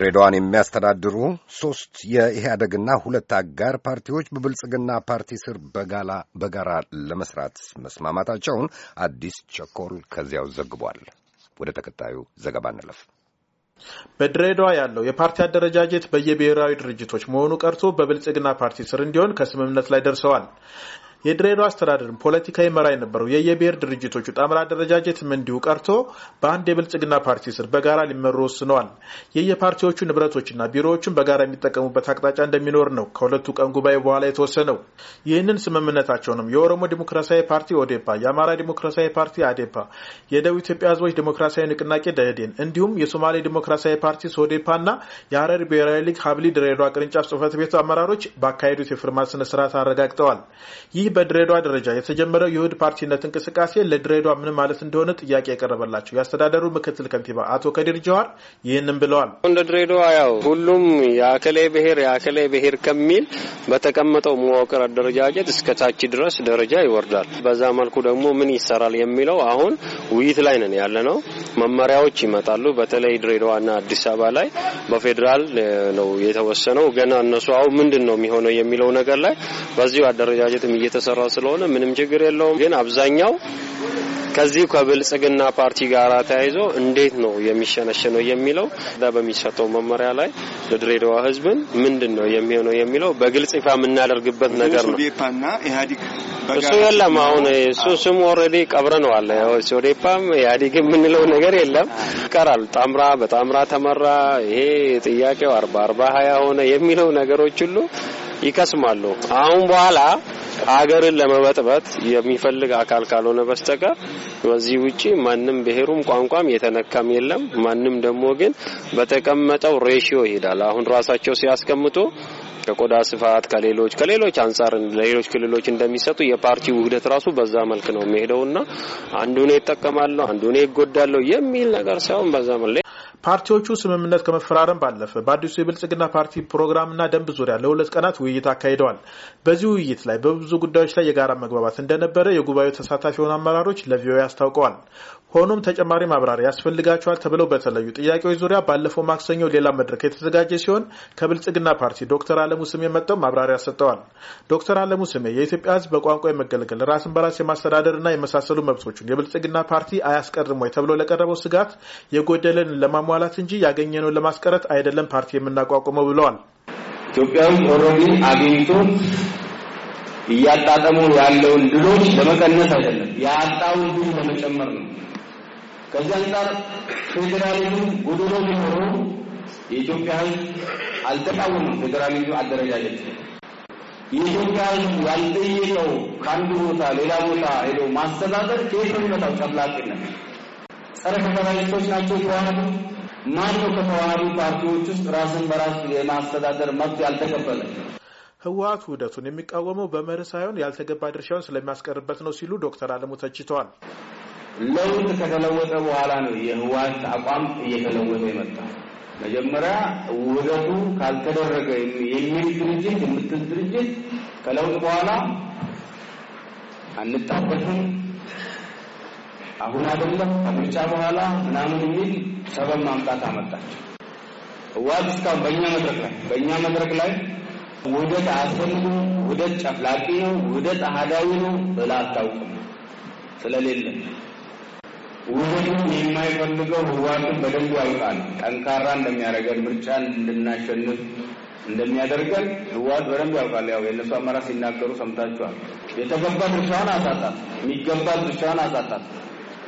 ድሬዳዋን የሚያስተዳድሩ ሦስት የኢህአደግና ሁለት አጋር ፓርቲዎች በብልጽግና ፓርቲ ስር በጋራ ለመስራት መስማማታቸውን አዲስ ቸኮል ከዚያው ዘግቧል። ወደ ተከታዩ ዘገባ እንለፍ። በድሬዳዋ ያለው የፓርቲ አደረጃጀት በየብሔራዊ ድርጅቶች መሆኑ ቀርቶ በብልጽግና ፓርቲ ስር እንዲሆን ከስምምነት ላይ ደርሰዋል። የድሬዳዋ አስተዳደርም ፖለቲካ ይመራ የነበረው የየብሔር ድርጅቶቹ ጣምራ አደረጃጀትም እንዲሁ ቀርቶ በአንድ የብልጽግና ፓርቲ ስር በጋራ ሊመሩ ወስነዋል። የየፓርቲዎቹ ንብረቶችና ቢሮዎቹን በጋራ የሚጠቀሙበት አቅጣጫ እንደሚኖር ነው ከሁለቱ ቀን ጉባኤ በኋላ የተወሰነው። ይህንን ስምምነታቸውንም የኦሮሞ ዲሞክራሲያዊ ፓርቲ ኦዴፓ፣ የአማራ ዲሞክራሲያዊ ፓርቲ አዴፓ፣ የደቡብ ኢትዮጵያ ህዝቦች ዲሞክራሲያዊ ንቅናቄ ደህዴን እንዲሁም የሶማሌ ዲሞክራሲያዊ ፓርቲ ሶዴፓና የሀረሪ ብሔራዊ ሊግ ሀብሊ ድሬዳዋ ቅርንጫፍ ጽህፈት ቤቱ አመራሮች ባካሄዱት የፍርማት ስነ አረጋግጠዋል። ይህ በድሬዷ ደረጃ የተጀመረው የውህድ ፓርቲነት እንቅስቃሴ ለድሬዷ ምን ማለት እንደሆነ ጥያቄ ያቀረበላቸው የአስተዳደሩ ምክትል ከንቲባ አቶ ከዲር ጀዋር ይህንም ብለዋል። እንደ ድሬዷ ያው ሁሉም የአከሌ ብሔር የአከሌ ብሔር ከሚል በተቀመጠው መዋቅር አደረጃጀት እስከ ታች ድረስ ደረጃ ይወርዳል። በዛ መልኩ ደግሞ ምን ይሰራል የሚለው አሁን ውይይት ላይ ነን ያለ ነው። መመሪያዎች ይመጣሉ። በተለይ ድሬዳዋና አዲስ አበባ ላይ በፌዴራል ነው የተወሰነው። ገና እነሱ አሁን ምንድን ነው የሚሆነው የሚለው ነገር ላይ በዚሁ አደረጃጀትም እየተሰራ ስለሆነ ምንም ችግር የለውም። ግን አብዛኛው ከዚህ ከብልጽግና ፓርቲ ጋር ተያይዞ እንዴት ነው የሚሸነሸነው የሚለው በሚሰጠው መመሪያ ላይ ለድሬዳዋ ሕዝብን ምንድን ነው የሚሆነው የሚለው በግልጽ ይፋ የምናደርግበት ነገር ነው። ኢህአዴግ እሱ የለም። አሁን እሱ ስሙ ኦልሬዲ ቀብረነዋል። ሶዴፓም ኢህአዴግ የምንለው ነገር የለም ይቀራል። ጣምራ በጣምራ ተመራ፣ ይሄ ጥያቄው አርባ አርባ ሀያ ሆነ የሚለው ነገሮች ሁሉ ይከስማሉ። አሁን በኋላ አገርን ለመበጥበጥ የሚፈልግ አካል ካልሆነ በስተቀር በዚህ ውጪ ማንም ብሔሩም ቋንቋም የተነካም የለም። ማንም ደግሞ ግን በተቀመጠው ሬሽዮ ይሄዳል። አሁን ራሳቸው ሲያስቀምጡ ከቆዳ ስፋት ከሌሎች ከሌሎች አንጻር ለሌሎች ክልሎች እንደሚሰጡ የፓርቲው ውህደት ራሱ በዛ መልክ ነው የሚሄደውና አንዱ እኔ ይጠቀማለሁ፣ አንዱ እኔ ይጎዳለሁ የሚል ነገር ሳይሆን በዛ መልክ ፓርቲዎቹ ስምምነት ከመፈራረም ባለፈ በአዲሱ የብልጽግና ፓርቲ ፕሮግራምና ደንብ ዙሪያ ለሁለት ቀናት ውይይት አካሂደዋል። በዚህ ውይይት ላይ በብዙ ጉዳዮች ላይ የጋራ መግባባት እንደነበረ የጉባኤው ተሳታፊ የሆኑ አመራሮች ለቪኦኤ አስታውቀዋል። ሆኖም ተጨማሪ ማብራሪያ ያስፈልጋቸዋል ተብለው በተለዩ ጥያቄዎች ዙሪያ ባለፈው ማክሰኞ ሌላ መድረክ የተዘጋጀ ሲሆን ከብልጽግና ፓርቲ ዶክተር አለሙ ስሜ መጥተው ማብራሪያ ሰጠዋል። ዶክተር አለሙ ስሜ የኢትዮጵያ ሕዝብ በቋንቋ የመገለገል ራስን በራስ የማስተዳደርና የመሳሰሉ መብቶቹን የብልጽግና ፓርቲ አያስቀርም ወይ ተብሎ ለቀረበው ስጋት የጎደለን ለማሟ ለማሟላት እንጂ ያገኘነውን ለማስቀረት አይደለም ፓርቲ የምናቋቁመው ብለዋል። ኢትዮጵያዊ ኦሮሚ አግኝቶ እያጣጠሙ ያለውን ድሎች ለመቀነስ አይደለም፣ ያጣውን ድል ለመጨመር ነው። ከዚህ አንጻር ፌዴራሊዝም ጎዶሎ ቢኖረው የኢትዮጵያ ሕዝብ አልተቃወመም። ፌዴራሊዝም አደረጃጀት የኢትዮጵያ ሕዝብ ያልጠየቀው ከአንዱ ቦታ ሌላ ቦታ ሄደው ማስተዳደር ከየት ነው የሚመጣው? ጨፍላቂነት ጸረ ፌዴራሊስቶች ናቸው ተዋህዶ ማን ነው ከተዋሪ ፓርቲዎች ውስጥ ራስን በራስ የማስተዳደር መብት ያልተቀበለ? ህወሀት ውህደቱን የሚቃወመው በመርህ ሳይሆን ያልተገባ ድርሻውን ስለሚያስቀርበት ነው ሲሉ ዶክተር አለሙ ተችተዋል። ለውጥ ከተለወጠ በኋላ ነው የህወሀት አቋም እየተለወጠ የመጣ። መጀመሪያ ውህደቱ ካልተደረገ የሚል ድርጅት የምትል ድርጅት ከለውጥ በኋላ አንጣበትም አሁን አይደለም ከምርጫ በኋላ ምናምን የሚል ሰበብ ማምጣት አመጣቸው። ህወሓት እስካሁን በእኛ መድረክ ላይ በእኛ መድረክ ላይ ውህደት አያስፈልግም፣ ውህደት ጨፍላቂ ነው፣ ውህደት አህዳዊ ነው ብላ አታውቅም ስለሌለ ውህደቱን የማይፈልገው ህወሓትን በደንብ ያውቃል። ጠንካራ እንደሚያደርገን ምርጫ እንድናሸንፍ እንደሚያደርገን ህወሓት በደንብ ያውቃል። ያው የእነሱ አመራር ሲናገሩ ሰምታችኋል። የተገባ ድርሻዋን አሳጣት፣ የሚገባ ድርሻዋን አሳጣት።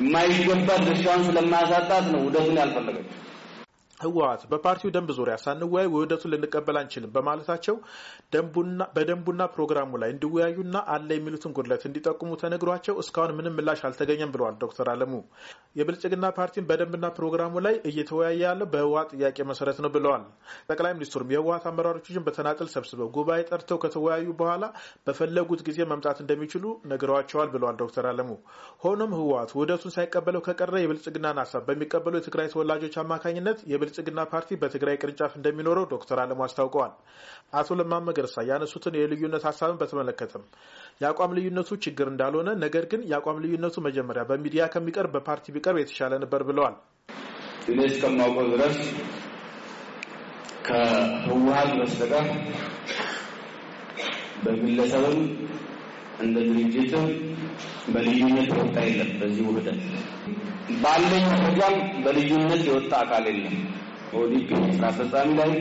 የማይገባ ድርሻውን ስለማያሳጣት ነው ውህደቱን ያልፈለገች። ህወሀት በፓርቲው ደንብ ዙሪያ ሳንወያይ ውህደቱን ልንቀበል አንችልም በማለታቸው በደንቡና ፕሮግራሙ ላይ እንዲወያዩና አለ የሚሉትን ጉድለት እንዲጠቁሙ ተነግሯቸው እስካሁን ምንም ምላሽ አልተገኘም ብለዋል ዶክተር አለሙ። የብልጽግና ፓርቲን በደንብና ፕሮግራሙ ላይ እየተወያየ ያለው በህወሀት ጥያቄ መሰረት ነው ብለዋል። ጠቅላይ ሚኒስትሩም የህወሀት አመራሮችን በተናጠል ሰብስበው ጉባኤ ጠርተው ከተወያዩ በኋላ በፈለጉት ጊዜ መምጣት እንደሚችሉ ነግረዋቸዋል ብለዋል ዶክተር አለሙ። ሆኖም ህወሀት ውህደቱን ሳይቀበለው ከቀረ የብልጽግናን ሀሳብ በሚቀበሉ የትግራይ ተወላጆች አማካኝነት የብልጽግና ፓርቲ በትግራይ ቅርንጫፍ እንደሚኖረው ዶክተር አለሙ አስታውቀዋል። አቶ ለማ መገርሳ ያነሱትን የልዩነት ሀሳብን በተመለከተም የአቋም ልዩነቱ ችግር እንዳልሆነ፣ ነገር ግን የአቋም ልዩነቱ መጀመሪያ በሚዲያ ከሚቀርብ በፓርቲ ቢቀርብ የተሻለ ነበር ብለዋል። እኔ እስከማውቀው ድረስ ከህወሀት በስተቀር በግለሰብም እንደ ድርጅትም በልዩነት የወጣ የለም። በዚህ ውህደት ባለኝ መረጃም በልዩነት የወጣ አካል የለም። ኦዲፒ ስራ አስፈጻሚ ላይ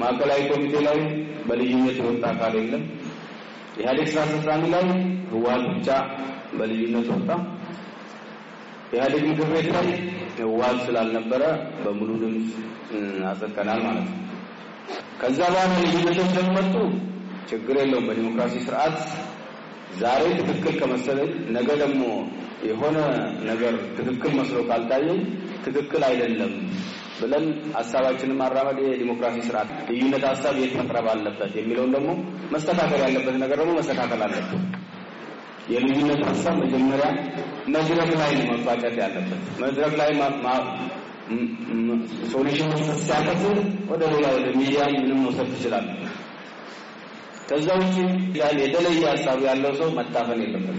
ማዕከላዊ ኮሚቴ ላይ በልዩነት የወጣ አካል የለም። ኢህአዴግ ስራ አስፈጻሚ ላይ ህወሓት ብቻ በልዩነት ወጣ። ኢህአዴግ ምክር ቤት ላይ ህወሓት ስላልነበረ በሙሉ ድምፅ አጸድቀናል ማለት ነው። ከዛ በኋላ ልዩነቶች ስለመጡ ችግር የለውም። በዲሞክራሲ ስርዓት ዛሬ ትክክል ከመሰለኝ ነገ ደግሞ የሆነ ነገር ትክክል መስሎ ካልታየኝ ትክክል አይደለም ብለን ሀሳባችንን ማራመድ የዲሞክራሲ ስርዓት ልዩነት ሀሳብ የት መቅረብ አለበት የሚለውን ደግሞ መስተካከል ያለበት ነገር ደግሞ መስተካከል አለበት። የልዩነት ሀሳብ መጀመሪያ መድረክ ላይ ነው መፋጨት ያለበት። መድረክ ላይ ሶሉሽን መስጠት ሲያቀት ወደ ሌላ ወደ ሚዲያ ምንም መውሰድ ትችላል። ከዛ ውጭ የተለየ ሀሳብ ያለው ሰው መታፈን የለበትም።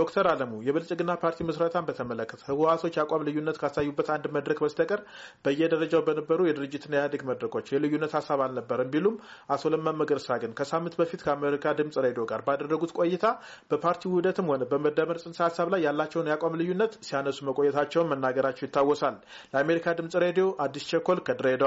ዶክተር አለሙ የብልጽግና ፓርቲ ምስረታን በተመለከተ ህወሀቶች የአቋም ልዩነት ካሳዩበት አንድ መድረክ በስተቀር በየደረጃው በነበሩ የድርጅትና የኢህአዴግ መድረኮች የልዩነት ሀሳብ አልነበረም ቢሉም አቶ ለማ መገርሳ ግን ከሳምንት በፊት ከአሜሪካ ድምጽ ሬዲዮ ጋር ባደረጉት ቆይታ በፓርቲው ውህደትም ሆነ በመደመር ጽንሰ ሀሳብ ላይ ያላቸውን የአቋም ልዩነት ሲያነሱ መቆየታቸውን መናገራቸው ይታወሳል። ለአሜሪካ ድምጽ ሬዲዮ አዲስ ቸኮል ከድሬዳዋ